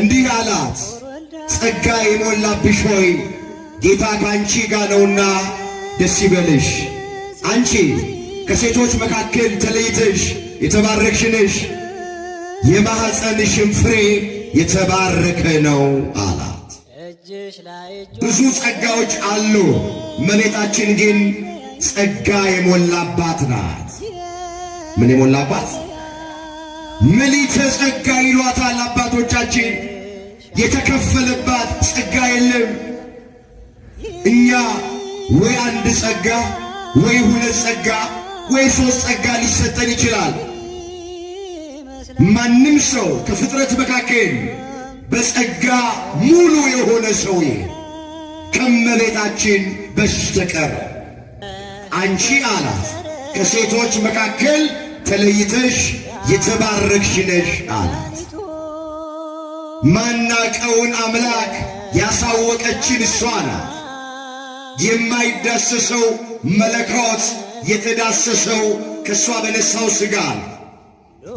እንዲህ አላት፣ ጸጋ የሞላብሽ ሆይ ጌታ ከአንቺ ጋር ነውና ደስ ይበልሽ። አንቺ ከሴቶች መካከል ተለይተሽ የተባረክሽ ነሽ፣ የማኅፀንሽም ፍሬ የተባረከ ነው አላት። ብዙ ጸጋዎች አሉ፣ እመቤታችን ግን ጸጋ የሞላባት ናት። ምን የሞላባት ምሊተ ጸጋ ይሏታል አባቶቻችን። የተከፈለባት ጸጋ የለም። እኛ ወይ አንድ ጸጋ ወይ ሁለት ጸጋ ወይ ሶስት ጸጋ ሊሰጠን ይችላል። ማንም ሰው ከፍጥረት መካከል በጸጋ ሙሉ የሆነ ሰው ከመቤታችን በስተቀር አንቺ አላት ከሴቶች መካከል ተለይተሽ የተባረክሽ ነሽ አላት። ማናቀውን አምላክ ያሳወቀችን እሷ ናት። የማይዳሰሰው መለኮት የተዳሰሰው ከእሷ በነሳው ሥጋ ነው።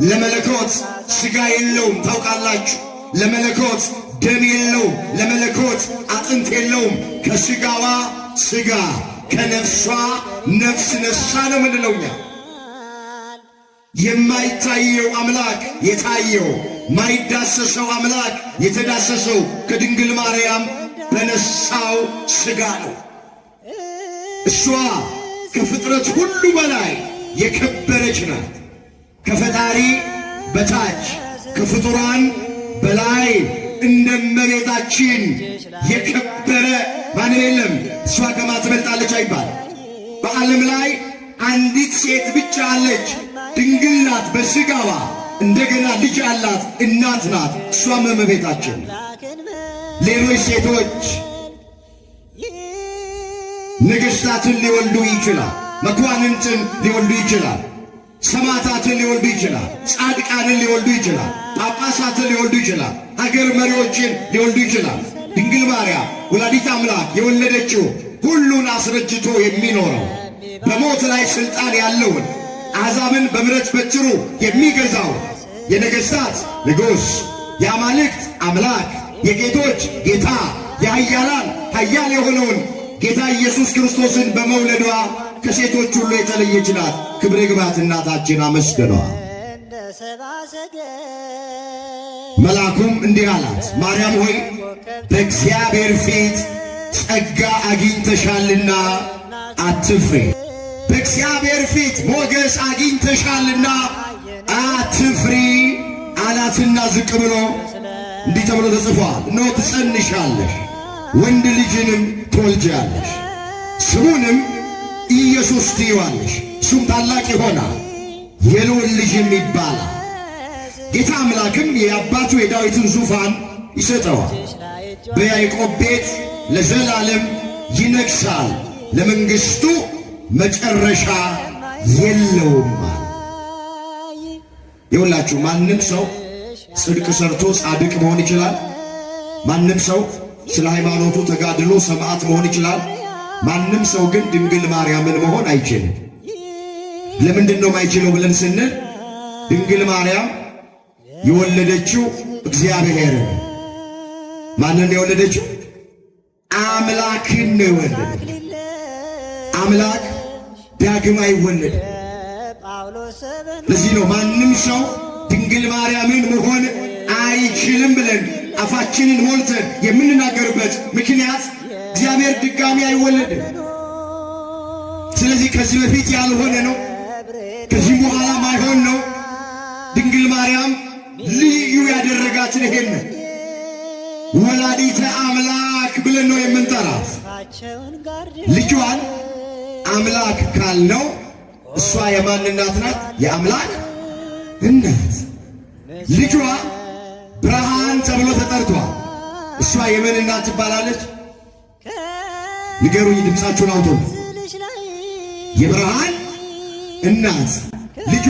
ለመለኮት ሥጋ የለውም ታውቃላችሁ። ለመለኮት ደም የለውም። ለመለኮት አጥንት የለውም። ከሥጋዋ ሥጋ ከነፍሷ ነፍስ ነሳ ነው ምንለውኛል የማይታየው አምላክ የታየው ማይዳሰሰው አምላክ የተዳሰሰው ከድንግል ማርያም በነሳው ሥጋ ነው። እሷ ከፍጥረት ሁሉ በላይ የከበረች ናት። ከፈጣሪ በታች ከፍጡራን በላይ እንደ እንደመቤታችን የከበረ ማንም የለም። እሷ ከማትበልጣለች አይባል። በዓለም ላይ አንዲት ሴት ብቻ አለች ድንግል ናት፣ በሥጋዋ እንደገና ልጅ አላት፣ እናት ናት። እሷም እመቤታችን። ሌሎች ሴቶች ነገሥታትን ሊወልዱ ይችላል፣ መኳንንትን ሊወልዱ ይችላል፣ ሰማዕታትን ሊወልዱ ይችላል፣ ጻድቃንን ሊወልዱ ይችላል፣ ጳጳሳትን ሊወልዱ ይችላል፣ ሀገር መሪዎችን ሊወልዱ ይችላል። ድንግል ማርያም ወላዲት አምላክ የወለደችው ሁሉን አስረጅቶ የሚኖረው በሞት ላይ ሥልጣን ያለውን አሕዛብን በምረት በትሩ የሚገዛው የነገሥታት ንጉሥ የአማልክት አምላክ የጌቶች ጌታ የኃያላን ኃያል የሆነውን ጌታ ኢየሱስ ክርስቶስን በመውለዷ ከሴቶች ሁሉ የተለየች ናት። ክብረ ግባት እናታችን አመስገኗ። መልአኩም እንዲህ አላት፣ ማርያም ሆይ በእግዚአብሔር ፊት ጸጋ አግኝተሻልና አትፍሬ። በእግዚአብሔር ፊት ሞገስ አግኝተሻልና አትፍሪ አላትና ዝቅ ብሎ እንዲህ ተብሎ ተጽፏል። ትጸንሻለሽ፣ ወንድ ልጅንም ትወልጃለሽ፣ ስሙንም ኢየሱስ ትይዋለሽ። እሱም ታላቅ ይሆናል፣ የልዑል ልጅም ይባላል። ጌታ አምላክም የአባቱ የዳዊትን ዙፋን ይሰጠዋል፣ በያዕቆብ ቤት ለዘላለም ይነግሣል፣ ለመንግሥቱ መጨረሻ የለውም። ይውላችሁ ማንም ሰው ጽድቅ ሰርቶ ጻድቅ መሆን ይችላል። ማንም ሰው ስለ ሃይማኖቱ ተጋድሎ ሰማዕት መሆን ይችላል። ማንም ሰው ግን ድንግል ማርያምን መሆን አይችልም። ለምንድን ነው ማይችለው ብለን ስንል ድንግል ማርያም የወለደችው እግዚአብሔር? ማንን የወለደችው አምላክን ነው የወለደችው አምላክ ዳግም አይወለድም። ለዚህ ነው ማንም ሰው ድንግል ማርያምን መሆን አይችልም ብለን አፋችንን ሞልተን የምንናገርበት ምክንያት እግዚአብሔር ድጋሚ አይወለድም። ስለዚህ ከዚህ በፊት ያልሆነ ነው፣ ከዚህ በኋላ ማይሆን ነው። ድንግል ማርያም ልዩ ያደረጋት ይሄን ወላዲተ አምላክ ብለን ነው የምንጠራት ልጇን አምላክ ካልነው እሷ የማን እናት ናት? የአምላክ እናት። ልጇ ብርሃን ተብሎ ተጠርቷል። እሷ የምን እናት ትባላለች? ንገሩኝ፣ ድምፃችሁን አውጡ። የብርሃን እናት ልጇ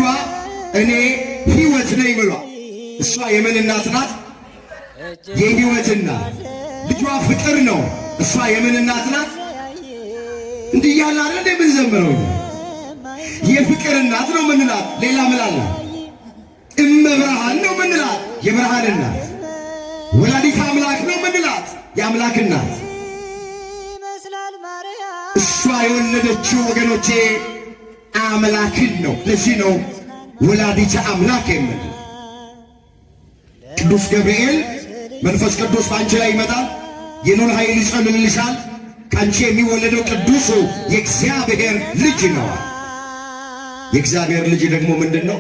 እኔ ሕይወት ነኝ ብሏ እሷ የምን እናት ናት? የሕይወት እናት። ልጇ ፍቅር ነው። እሷ የምን እናት ናት? እንዲህ እያለ አይደል እንደ የምንዘምረው የፍቅር እናት ነው ምንላት። ሌላ ምላላ እመብርሃን ነው ምንላት። የብርሃን እናት ወላዲት አምላክ ነው ምንላት። የአምላክ እናት እሷ የወለደችው ወገኖቼ አምላክን ነው። ለዚህ ነው ወላዲተ አምላክ የምል ቅዱስ ገብርኤል መንፈስ ቅዱስ በአንቺ ላይ ይመጣል። የኑል ኃይል ይጸልልልሻል ከአንቺ የሚወለደው ቅዱሱ የእግዚአብሔር ልጅ ነው። የእግዚአብሔር ልጅ ደግሞ ምንድን ነው?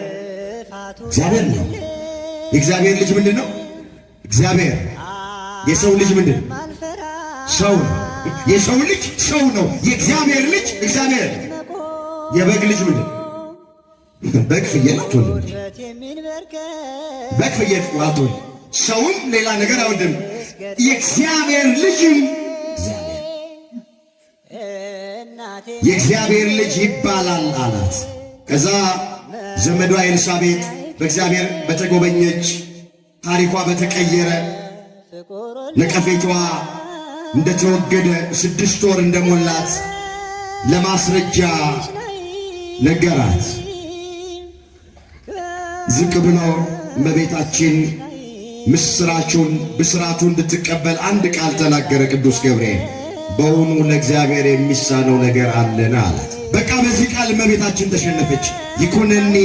እግዚአብሔር ነው። የእግዚአብሔር ልጅ ምንድን ነው? እግዚአብሔር። የሰው ልጅ ምንድን ነው? ሰው ነው። የሰው ልጅ ሰው ነው። የእግዚአብሔር ልጅ እግዚአብሔር። የበግ ልጅ ምንድን ነው? በግ ፍየል አትወልድ። በግ ፍየል አትወልድ። ሰውም ሌላ ነገር የእግዚአብሔር ልጅም የእግዚአብሔር ልጅ ይባላል አላት። ከዛ ዘመዷ ኤልሳቤጥ በእግዚአብሔር በተጎበኘች ታሪኳ በተቀየረ ነቀፌቷ እንደተወገደ ስድስት ወር እንደሞላት ለማስረጃ ነገራት። ዝቅ ብሎ እመቤታችን ምስራቹን ብስራቱን እንድትቀበል አንድ ቃል ተናገረ ቅዱስ ገብርኤል። በውኑ ለእግዚአብሔር የሚሳነው ነገር አለን አላት። በቃ በዚህ ቃል እመቤታችን ተሸነፈች። ይኩነኒ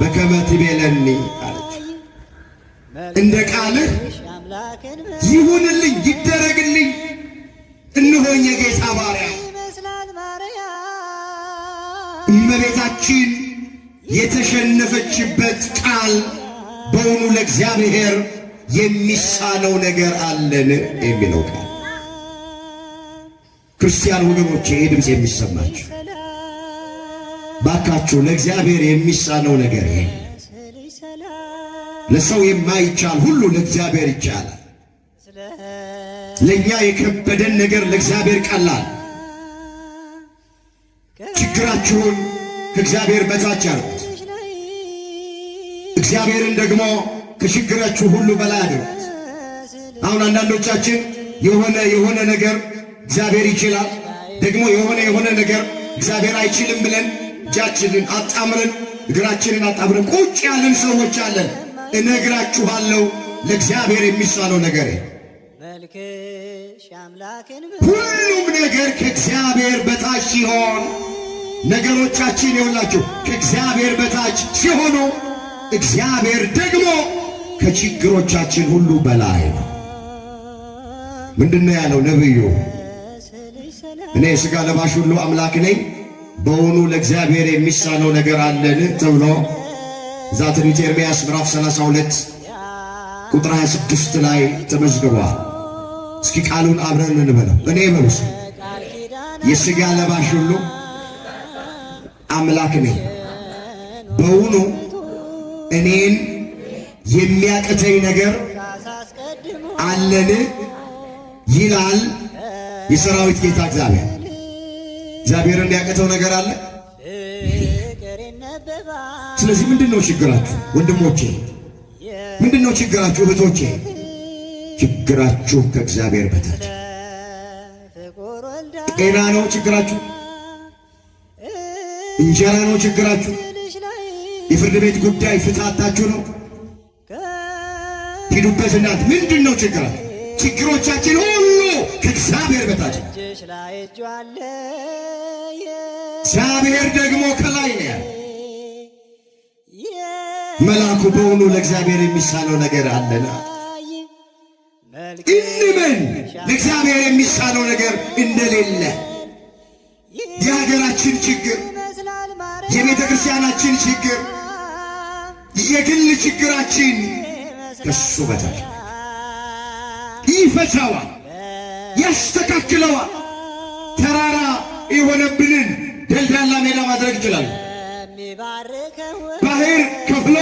በከመ ትቤለኒ አለች። እንደ ቃልህ ይሁንልኝ፣ ይደረግልኝ። እንሆኝ የጌታ ባሪያ። እመቤታችን የተሸነፈችበት ቃል በውኑ ለእግዚአብሔር የሚሳነው ነገር አለን የሚለው ቃል ክርስቲያን ወገኖቼ ይሄ ድምፅ የሚሰማችሁ ባካችሁ፣ ለእግዚአብሔር የሚሳነው ነገር ይሄ ለሰው የማይቻል ሁሉ ለእግዚአብሔር ይቻላል። ለእኛ የከበደን ነገር ለእግዚአብሔር ቀላል። ችግራችሁን ከእግዚአብሔር በታች አድርጉት፣ እግዚአብሔርን ደግሞ ከችግራችሁ ሁሉ በላይ አድርጉት። አሁን አንዳንዶቻችን የሆነ የሆነ ነገር እግዚአብሔር ይችላል። ደግሞ የሆነ የሆነ ነገር እግዚአብሔር አይችልም ብለን እጃችንን አጣምረን እግራችንን አጣምረን ቁጭ ያለን ሰዎች አለን። እነግራችኋለሁ ለእግዚአብሔር የሚሳነው ነገር ሁሉም ነገር ከእግዚአብሔር በታች ሲሆን ነገሮቻችን የሆላችሁ ከእግዚአብሔር በታች ሲሆኑ እግዚአብሔር ደግሞ ከችግሮቻችን ሁሉ በላይ ነው። ምንድነው ያለው ነብዩ? እኔ ሥጋ ለባሽ ሁሉ አምላክ ነኝ፣ በውኑ ለእግዚአብሔር የሚሳነው ነገር አለን ተብሎ እዛ ትንቢተ ኤርምያስ ምዕራፍ 32 ቁጥር 26 ላይ ተመዝግቧል። እስኪ ቃሉን አብረን እንበለው። እኔ በሉስ የሥጋ ለባሽ ሁሉ አምላክ ነኝ፣ በውኑ እኔን የሚያቅተኝ ነገር አለን ይላል የሰራዊት ጌታ እግዚአብሔር እግዚአብሔር እንዲያቀተው ነገር አለ። ስለዚህ ምንድን ነው ችግራችሁ ወንድሞቼ? ምንድን ነው ችግራችሁ እህቶቼ? ችግራችሁ ከእግዚአብሔር በታች ጤና ነው ችግራችሁ፣ እንጀራ ነው ችግራችሁ፣ የፍርድ ቤት ጉዳይ ፍትታችሁ ነው ሂዱበት። እናት ምንድን ነው ችግራችሁ? ችግሮቻችን ከእግዚአብሔር በታች እግዚአብሔር ደግሞ ከላይ ነው ያለ መልአኩ በውኑ ለእግዚአብሔር የሚሳነው ነገር አለና? እንመን ለእግዚአብሔር የሚሳነው ነገር እንደሌለ የሀገራችን ችግር፣ የቤተ ክርስቲያናችን ችግር፣ የግል ችግራችን ከሱ በታች ይፈታዋል። ያስተካክለዋል። ተራራ የሆነብንን ደልዳላ ሜዳ ማድረግ ይችላል። ባህር ከፍሎ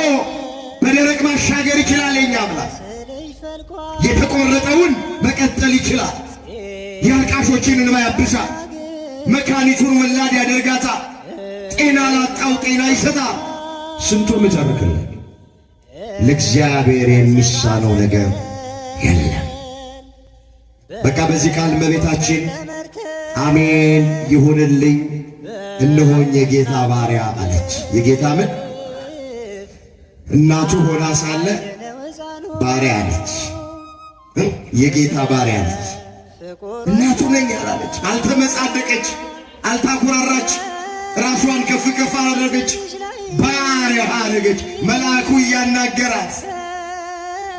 በደረቅ ማሻገር ይችላል። የኛ አምላክ የተቆረጠውን መቀጠል ይችላል። የአልቃሾችን እንባ ያብሳል። መካኒቱን ወላድ ያደርጋታል። ጤና ላጣው ጤና ይሰጣል። ስንቱ ምተርክልን ለእግዚአብሔር የሚሳነው ነገር የለም። በቃ በዚህ ቃል እመቤታችን አሜን ይሁንልኝ፣ እነሆኝ የጌታ ባሪያ አለች። የጌታ ምን እናቱ ሆና ሳለ ባሪያ አለች። የጌታ ባሪያ አለች። እናቱ ነኝ አላለች። አልተመጻደቀች፣ አልታኩራራች፣ ራሷን ከፍ ከፍ አደረገች። ባሪያ አደረገች። መልአኩ እያናገራት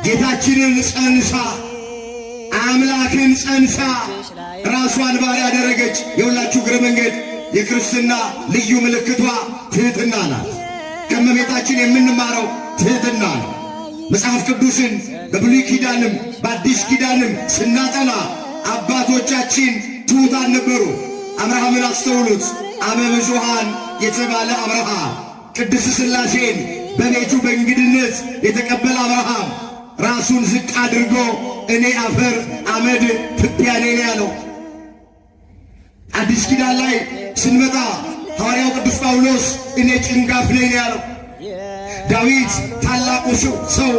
ጌታችንን ጸንሳ አምላክን ጸንሳ ራሷን ባል ያደረገች የሁላችሁ እግረ መንገድ የክርስትና ልዩ ምልክቷ ትህትና ናት። ከመቤታችን የምንማረው ትህትና ነው። መጽሐፍ ቅዱስን በብሉይ ኪዳንም በአዲስ ኪዳንም ስናጠና አባቶቻችን ትሑታን ነበሩ። አብርሃምን አስተውሉት። አመ የተባለ አብርሃም ቅድስት ሥላሴን በቤቱ በእንግድነት የተቀበለ አብርሃም ራሱን ዝቅ አድርጎ እኔ አፈር አመድ ትቢያ ነኝ ያለው። አዲስ ኪዳን ላይ ስንመጣ ሐዋርያው ቅዱስ ጳውሎስ እኔ ጭንጋፍ ነኝ ያለው። ዳዊት ታላቁ ሰው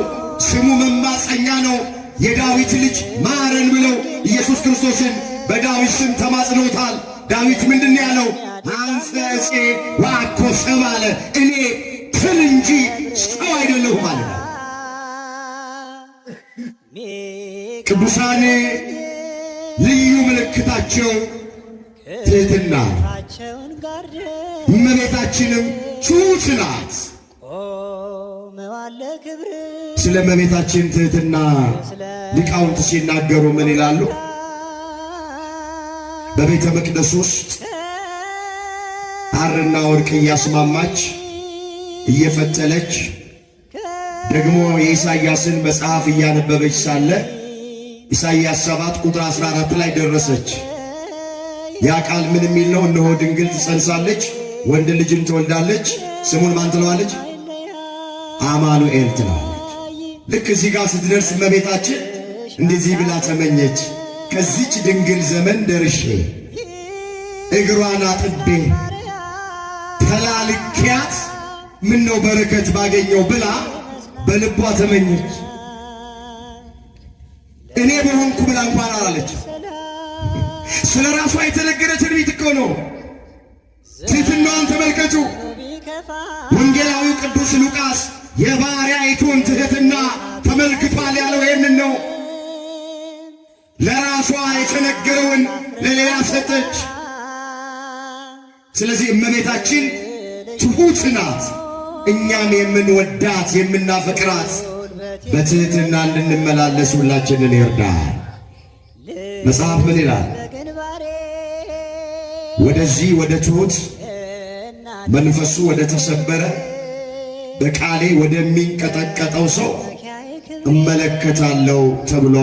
ስሙ መማፀኛ ነው። የዳዊት ልጅ ማረን ብለው ኢየሱስ ክርስቶስን በዳዊት ስም ተማጽኖታል። ዳዊት ምንድን ያለው? አንተ እፄ ዋኮ ሰብእ አለ። እኔ ትል እንጂ ሰው አይደለሁም ማለት ቅዱሳኔ ልዩ ምልክታቸው ትህትና እመቤታችንም ቹች ናት። ስለ እመቤታችን ትህትና ሊቃውንት ሲናገሩ ምን ይላሉ? በቤተ መቅደስ ውስጥ ሐርና ወርቅ እያስማማች እየፈተለች ደግሞ የኢሳይያስን መጽሐፍ እያነበበች ሳለ ኢሳይያስ 7 ቁጥር 14 ላይ ደረሰች። ያ ቃል ምን የሚል ነው? እነሆ ድንግል ትጸንሳለች፣ ወንድ ልጅን ትወልዳለች፣ ስሙን ማን ትለዋለች? አማኑኤል ትለዋለች። ልክ እዚህ ጋር ስትደርስ እመቤታችን እንደዚህ ብላ ተመኘች። ከዚች ድንግል ዘመን ደርሼ እግሯን አጥቤ ተላልኪያት ምን ነው በረከት ባገኘው ብላ በልቧ ተመኘች። እኔ በሆንኩ ብላ እንኳን አላለች። ስለ ራሷ የተነገረ ትንቢት እኮ ነው። ትሕትናዋን ተመልከቱ። ወንጌላዊው ቅዱስ ሉቃስ የባሪያይቱን ትህትና ተመልክቷል ያለው ይህንን ነው። ለራሷ የተነገረውን ለሌላ ሰጠች። ስለዚህ እመቤታችን ትሑት ናት። እኛም የምንወዳት የምናፈቅራት በትህትና እንድንመላለስ ሁላችንን ይርዳል። መጽሐፍ ምን ይላል? ወደዚህ ወደ ትሑት መንፈሱ ወደ ተሰበረ በቃሌ ወደሚንቀጠቀጠው ሰው እመለከታለሁ ተብሎ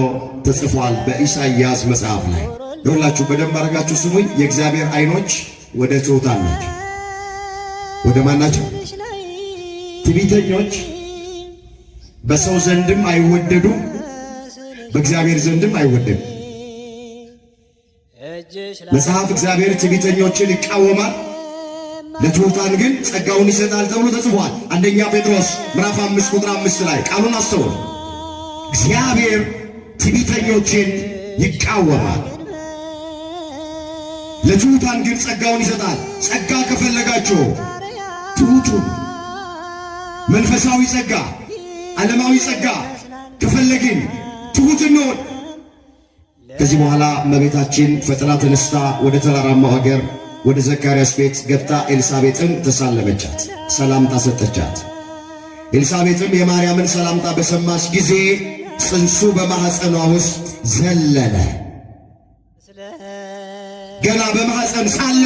ተጽፏል በኢሳይያስ መጽሐፍ ላይ። ይሁላችሁ በደንብ አድርጋችሁ ስሙኝ። የእግዚአብሔር ዓይኖች ወደ ትሑታን ናቸው። ወደ ማን ናቸው? ትቢተኞች በሰው ዘንድም አይወደዱም፣ በእግዚአብሔር ዘንድም አይወደዱም። መጽሐፍ እግዚአብሔር ትቢተኞችን ይቃወማል፣ ለትሑታን ግን ጸጋውን ይሰጣል ተብሎ ተጽፏል። አንደኛ ጴጥሮስ ምዕራፍ አምስት ቁጥር አምስት ላይ ቃሉን አስተውል። እግዚአብሔር ትቢተኞችን ይቃወማል፣ ለትሑታን ግን ጸጋውን ይሰጣል። ጸጋ ከፈለጋችሁ ትሑቱን መንፈሳዊ ጸጋ፣ ዓለማዊ ጸጋ ከፈለግን ትሁት እንሆን። ከዚህ በኋላ እመቤታችን ፈጥና ተነስታ ወደ ተራራማው ሀገር ወደ ዘካርያስ ቤት ገብታ ኤልሳቤጥን ተሳለመቻት፣ ሰላምታ ሰጠቻት። ኤልሳቤጥም የማርያምን ሰላምታ በሰማች ጊዜ ጽንሱ በማኅፀኗ ውስጥ ዘለለ። ገና በማኅፀን ሳለ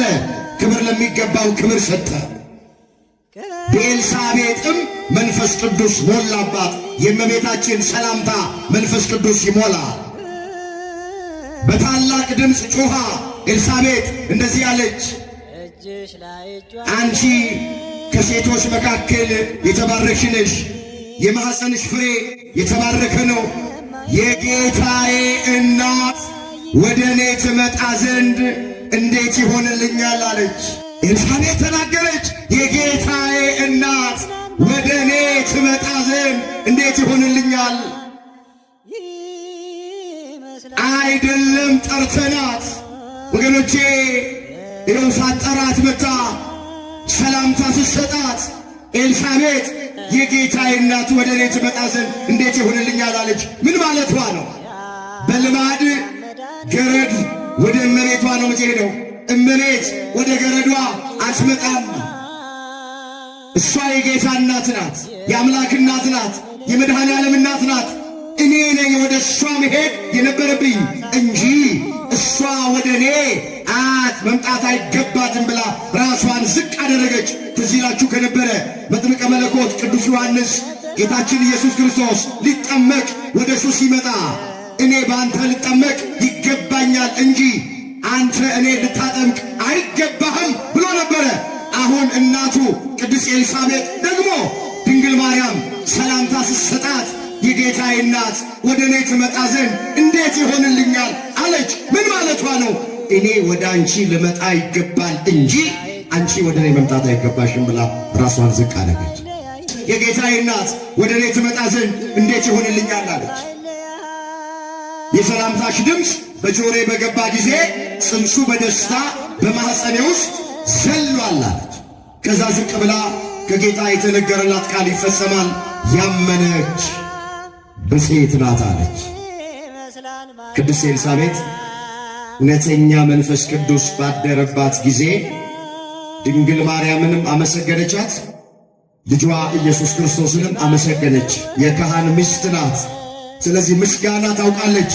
ክብር ለሚገባው ክብር ሰጠ። በኤልሳቤጥም መንፈስ ቅዱስ ሞላባት። የእመቤታችን ሰላምታ መንፈስ ቅዱስ ይሞላ። በታላቅ ድምፅ ጮኻ ኤልሳቤጥ እንደዚህ አለች፣ አንቺ ከሴቶች መካከል የተባረክሽ ነሽ፣ የማኅፀንሽ ፍሬ የተባረከ ነው። የጌታዬ እናት ወደ እኔ ትመጣ ዘንድ እንዴት ይሆንልኛል? አለች እርሷን የተናገረች የጌታዬ እናት ወደ እኔ ትመጣ ዘንድ እንዴት ይሆንልኛል? አይደለም ጠርተናት ወገኖቼ፣ የውሳት ጠራት መታ ሰላምታ ስሰጣት ኤልሳቤጥ የጌታዬ እናት ወደ እኔ ትመጣ ዘንድ እንዴት ይሆንልኛል አለች። ምን ማለቷ ነው? በልማድ ገረድ ወደ መሬቷ ነው የምትሄደው እመቤት ወደ ገረዷ አትመጣም። እሷ የጌታ እናት ናት፣ የአምላክ እናት ናት፣ የመድኃኔ ዓለም እናት ናት። እኔ ነኝ ወደ እሷ መሄድ የነበረብኝ እንጂ እሷ ወደ እኔ አት መምጣት አይገባትም ብላ ራሷን ዝቅ አደረገች። ትዝ ይላችሁ ከነበረ መጥምቀ መለኮት ቅዱስ ዮሐንስ ጌታችን ኢየሱስ ክርስቶስ ሊጠመቅ ወደ እሱ ሲመጣ እኔ በአንተ ልጠመቅ ይገባኛል እንጂ አንተ እኔ ልታጠምቅ አይገባህም ብሎ ነበረ። አሁን እናቱ ቅድስት ኤልሳቤጥ ደግሞ ድንግል ማርያም ሰላምታ ስትሰጣት የጌታዬ እናት ወደ እኔ ትመጣ ዘንድ እንዴት ይሆንልኛል አለች። ምን ማለቷ ነው? እኔ ወደ አንቺ ልመጣ ይገባል እንጂ አንቺ ወደ እኔ መምጣት አይገባሽም ብላ ራሷን ዝቅ አደረገች። የጌታዬ እናት ወደ እኔ ትመጣ ዘንድ እንዴት ይሆንልኛል አለች። የሰላምታሽ ድምፅ በጆሮዬ በገባ ጊዜ ጽንሱ በደስታ በማኅፀኔ ውስጥ ዘሏል አለች። ከዛ ዝቅ ብላ ከጌታ የተነገረላት ቃል ይፈጸማል። ያመነች ብፅዕት ናት አለች። ቅድስት ኤልሳቤጥ እውነተኛ መንፈስ ቅዱስ ባደረባት ጊዜ ድንግል ማርያምንም አመሰገነቻት፣ ልጇ ኢየሱስ ክርስቶስንም አመሰገነች። የካህን ሚስት ናት። ስለዚህ ምስጋና ታውቃለች።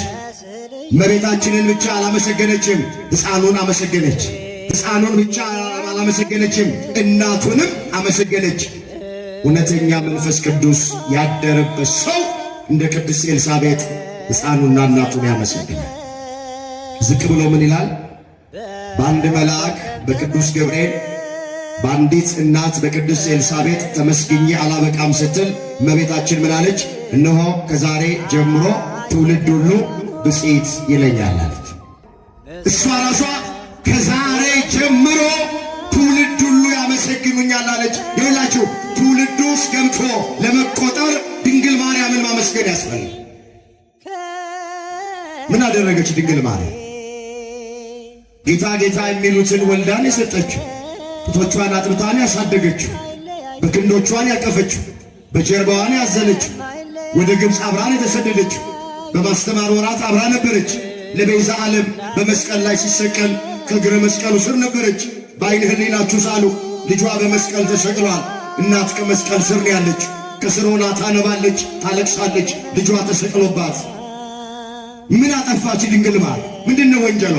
እመቤታችንን ብቻ አላመሰገነችም፣ ሕፃኑን አመሰገነች። ሕፃኑን ብቻ አላመሰገነችም፣ እናቱንም አመሰገነች። እውነተኛ መንፈስ ቅዱስ ያደረበት ሰው እንደ ቅድስት ኤልሳቤጥ ሕፃኑና እናቱን ያመሰግናል። ዝቅ ብሎ ምን ይላል? በአንድ መልአክ በቅዱስ ገብርኤል በአንዲት እናት በቅድስት ኤልሳቤጥ ተመስግኜ አላበቃም ስትል መቤታችን ምናለች? እነሆ ከዛሬ ጀምሮ ትውልድ ሁሉ ብፅዕት ይለኛል አለች። እሷ ራሷ ከዛሬ ጀምሮ ትውልድ ሁሉ ያመሰግኑኛል አለች። ይሁላችሁ ትውልዱ ውስጥ ገምቶ ለመቆጠር ድንግል ማርያምን ማመስገን ያስፈልግ። ምን አደረገች ድንግል ማርያም? ጌታ ጌታ የሚሉትን ወልዳን የሰጠችው፣ ጡቶቿን አጥብታን ያሳደገችው፣ በክንዶቿን ያቀፈችው፣ በጀርባዋን ያዘለችው፣ ወደ ግብፅ አብራን የተሰደደችው በማስተማር ወራት አብራ ነበረች። ለቤዛ ዓለም በመስቀል ላይ ሲሰቀል ከእግረ መስቀሉ ስር ነበረች። በዓይነ ሕሊናችሁ ሳሉ ልጇ በመስቀል ተሰቅሏል። እናት ከመስቀል ስር ነው ያለች። ከስር ሆና ታነባለች፣ ታለቅሳለች። ልጇ ተሰቅሎባት ምን አጠፋች ድንግል ማርያም? ምንድነው ወንጀሏ?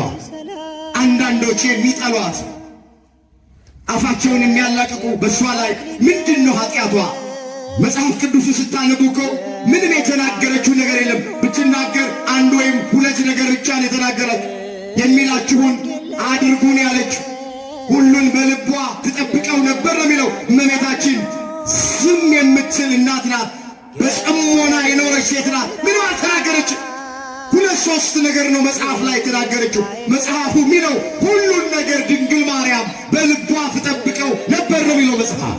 አንዳንዶች የሚጠሏት አፋቸውን የሚያላቅቁ በእሷ ላይ ምንድነው ኃጢአቷ? መጽሐፍ ቅዱስ ስታነቡ እኮ ምንም የተናገረችው ነገር የለም። ብትናገር አንድ ወይም ሁለት ነገር ብቻ ነው የተናገረች። የሚላችሁን አድርጉን ያለች ሁሉን በልቧ ትጠብቀው ነበር የሚለው። እመቤታችን ዝም የምትል እናት ናት። በጽሞና የኖረች ሴት ናት። ምንም አልተናገረችም። ሁለት ሶስት ነገር ነው መጽሐፍ ላይ የተናገረችው። መጽሐፉ የሚለው ሁሉን ነገር ድንግል ማርያም በልቧ ትጠብቀው ነበር ነው የሚለው መጽሐፍ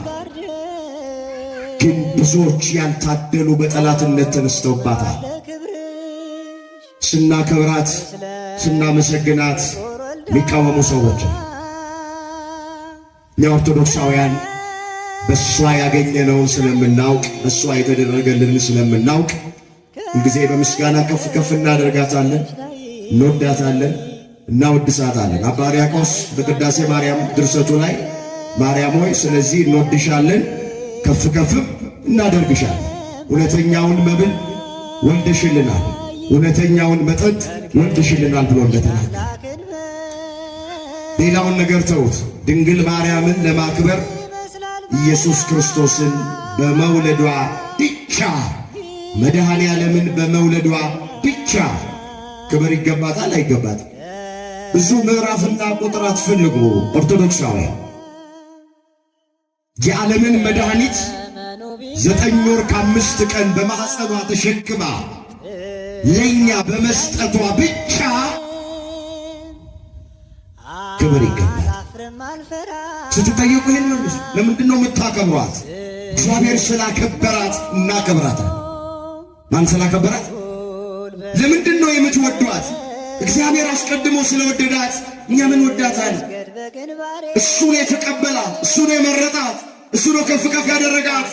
ብዙዎች ያልታደሉ በጠላትነት ተነስተውባታል። ስናከብራት ስናመሰግናት የሚቃወሙ ሰዎች እኛ ኦርቶዶክሳውያን በእሷ ያገኘነውን ስለምናውቅ በእሷ የተደረገልን ስለምናውቅ እንጊዜ በምስጋና ከፍ ከፍ እናደርጋታለን፣ እንወዳታለን፣ እናወድሳታለን። አባ ሕርያቆስ በቅዳሴ ማርያም ድርሰቱ ላይ ማርያም ሆይ ስለዚህ እንወድሻለን ከፍ ከፍም እናደርግሻለን። እውነተኛውን መብል ወልደሽልናል፣ እውነተኛውን መጠጥ ወልደሽልናል ብሎ እንደተናገረ ሌላውን ነገር ተውት። ድንግል ማርያምን ለማክበር ኢየሱስ ክርስቶስን በመውለዷ ብቻ መድኃኔ ዓለምን በመውለዷ ብቻ ክብር ይገባታል አይገባትም? ብዙ ምዕራፍና ቁጥር አትፈልጉ ኦርቶዶክሳውያን የዓለምን መድኃኒት ዘጠኝ ወር ከአምስት ቀን በማኅፀኗ ተሸክማ ለእኛ በመስጠቷ ብቻ ክብር ይገባል። ስትጠየቁ ይህን መልሱ። ለምንድን ነው የምታከብሯት? እግዚአብሔር ስላከበራት እናከብራታል። ማን ስላከበራት? ለምንድን ነው የምትወዷት? እግዚአብሔር አስቀድሞ ስለወደዳት እኛ ምን ወዳታል? እሱ የተቀበላት፣ እሱ የመረጣት፣ እሱ ነው ከፍ ከፍ ያደረጋት።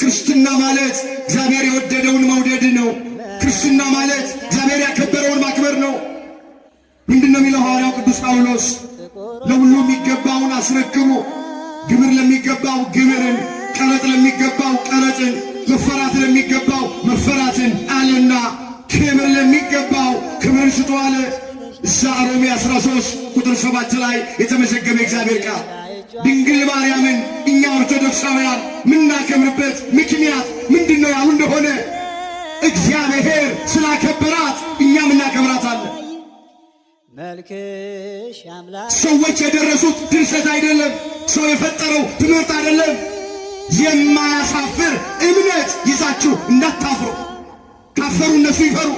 ክርስትና ማለት እግዚአብሔር የወደደውን መውደድ ነው። ክርስትና ማለት እግዚአብሔር ያከበረውን ማክበር ነው። ምንድን ነው የሚለው ሐዋርያው ቅዱስ ጳውሎስ? ለሁሉ የሚገባውን አስረክቦ ግብር ለሚገባው ግብርን፣ ቀረጥ ለሚገባው ቀረጥን፣ መፈራት ለሚገባው መፈራትን አለና ክብር ለሚገባው ክብርን ስጡ አለ። እዛ ሮሜ 13 ቁጥር ሰባት ላይ የተመዘገበ እግዚአብሔር ቃል ድንግል ማርያምን እኛ ኦርቶዶክሳውያን ምናከብርበት ምክንያት ምንድን ነው ያሉ እንደሆነ እግዚአብሔር ስላከበራት እኛ እናከብራታለን። ሰዎች የደረሱት ድርሰት አይደለም፣ ሰው የፈጠረው ትምህርት አይደለም። የማያሳፍር እምነት ይዛችሁ እንዳታፍሩ። ካፈሩ እነሱ ይፈሩ፣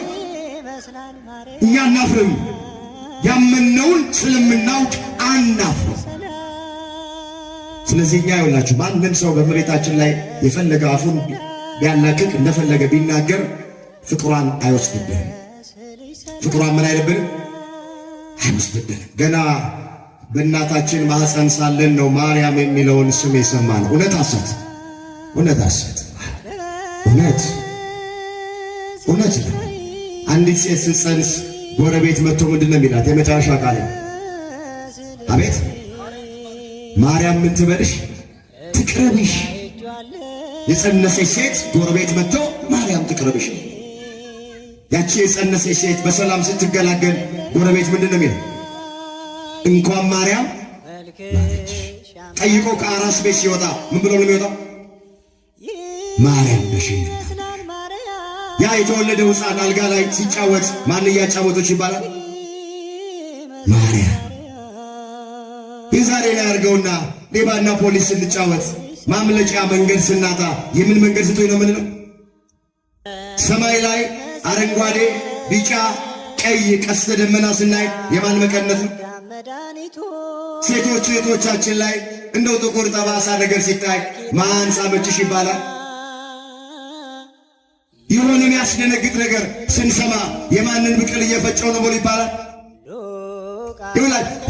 እኛ እናፍርም። ያመነውን ስለምናውቅ አናፍሩ። ስለዚህ እኛ ይውላችሁ ማንም ሰው በመሬታችን ላይ የፈለገ አፉን ቢያላክቅ እንደፈለገ ቢናገር ፍቅሯን አይወስድብህም። ፍቅሯን ምን አይልብን? አይወስድብህም። ገና በእናታችን ማኅፀን ሳለን ነው ማርያም የሚለውን ስም የሰማ ነው። እውነት አሰት እውነት አሰት እውነት እውነት ነው። አንዲት ሴት ስትፀንስ ጎረቤት መጥቶ ምንድን ነው የሚላት? የመጨረሻ ቃል አቤት ማርያም ምን ትበልሽ ትቅረብሽ። የጸነሰች ሴት ጎረቤት ቤት መጥቶ ማርያም ትቅረብሽ። ያቺ የጸነሰች ሴት በሰላም ስትገላገል ጎረቤት ምንድን ነው የሚለው? እንኳን ማርያም ጠይቆ ከአራስ ቤት ሲወጣ ምን ብሎ ነው የሚወጣው? ማርያም ነሽ። ያ የተወለደው ሕፃን አልጋ ላይ ሲጫወት ማን እያጫወቶች ይባላል? ማርያም ላይ አድርገውና ሌባና ፖሊስ ስንጫወት ማምለጫ መንገድ ስናጣ የምን መንገድ ስቶኝ ነው ሰማይ ላይ አረንጓዴ፣ ቢጫ፣ ቀይ ቀስተ ደመና ስናይ የማን መቀነት ነው? ሴቶች እህቶቻችን ላይ እንደው ጥቁር ጠባሳ ነገር ሲታይ ማን ሳመችሽ ይባላል? የሆነ የሚያስደነግጥ ነገር ስንሰማ የማንን ብቅል እየፈጨው ነው ብሎ ይባላል?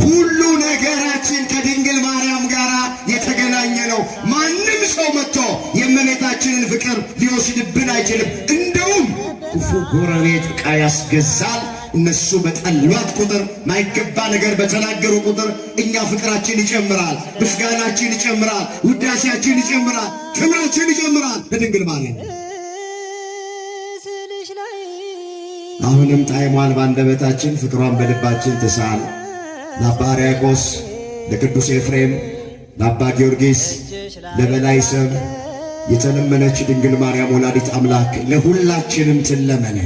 ሁሉ ነገራችን ከድንግል ማርያም ጋር የተገናኘ ነው። ማንም ሰው መጥቶ የእመቤታችንን ፍቅር ሊወስድብን አይችልም። እንደውም ክፉ ጎረቤት ዕቃ ያስገዛል። እነሱ በጠሏት ቁጥር ማይገባ ነገር በተናገሩ ቁጥር እኛ ፍቅራችን ይጨምራል፣ ምስጋናችን ይጨምራል፣ ውዳሴያችን ይጨምራል፣ ክብራችን ይጨምራል በድንግል ማርያም። አሁንም ጣዕሟን ባንደበታችን ፍቅሯን በልባችን ትሳል። ለአባ ሕርያቆስ፣ ለቅዱስ ኤፍሬም፣ ለአባ ጊዮርጊስ፣ ለበላይ ሰብ የተለመነች ድንግል ማርያም ወላዲት አምላክ ለሁላችንም ትለመነ።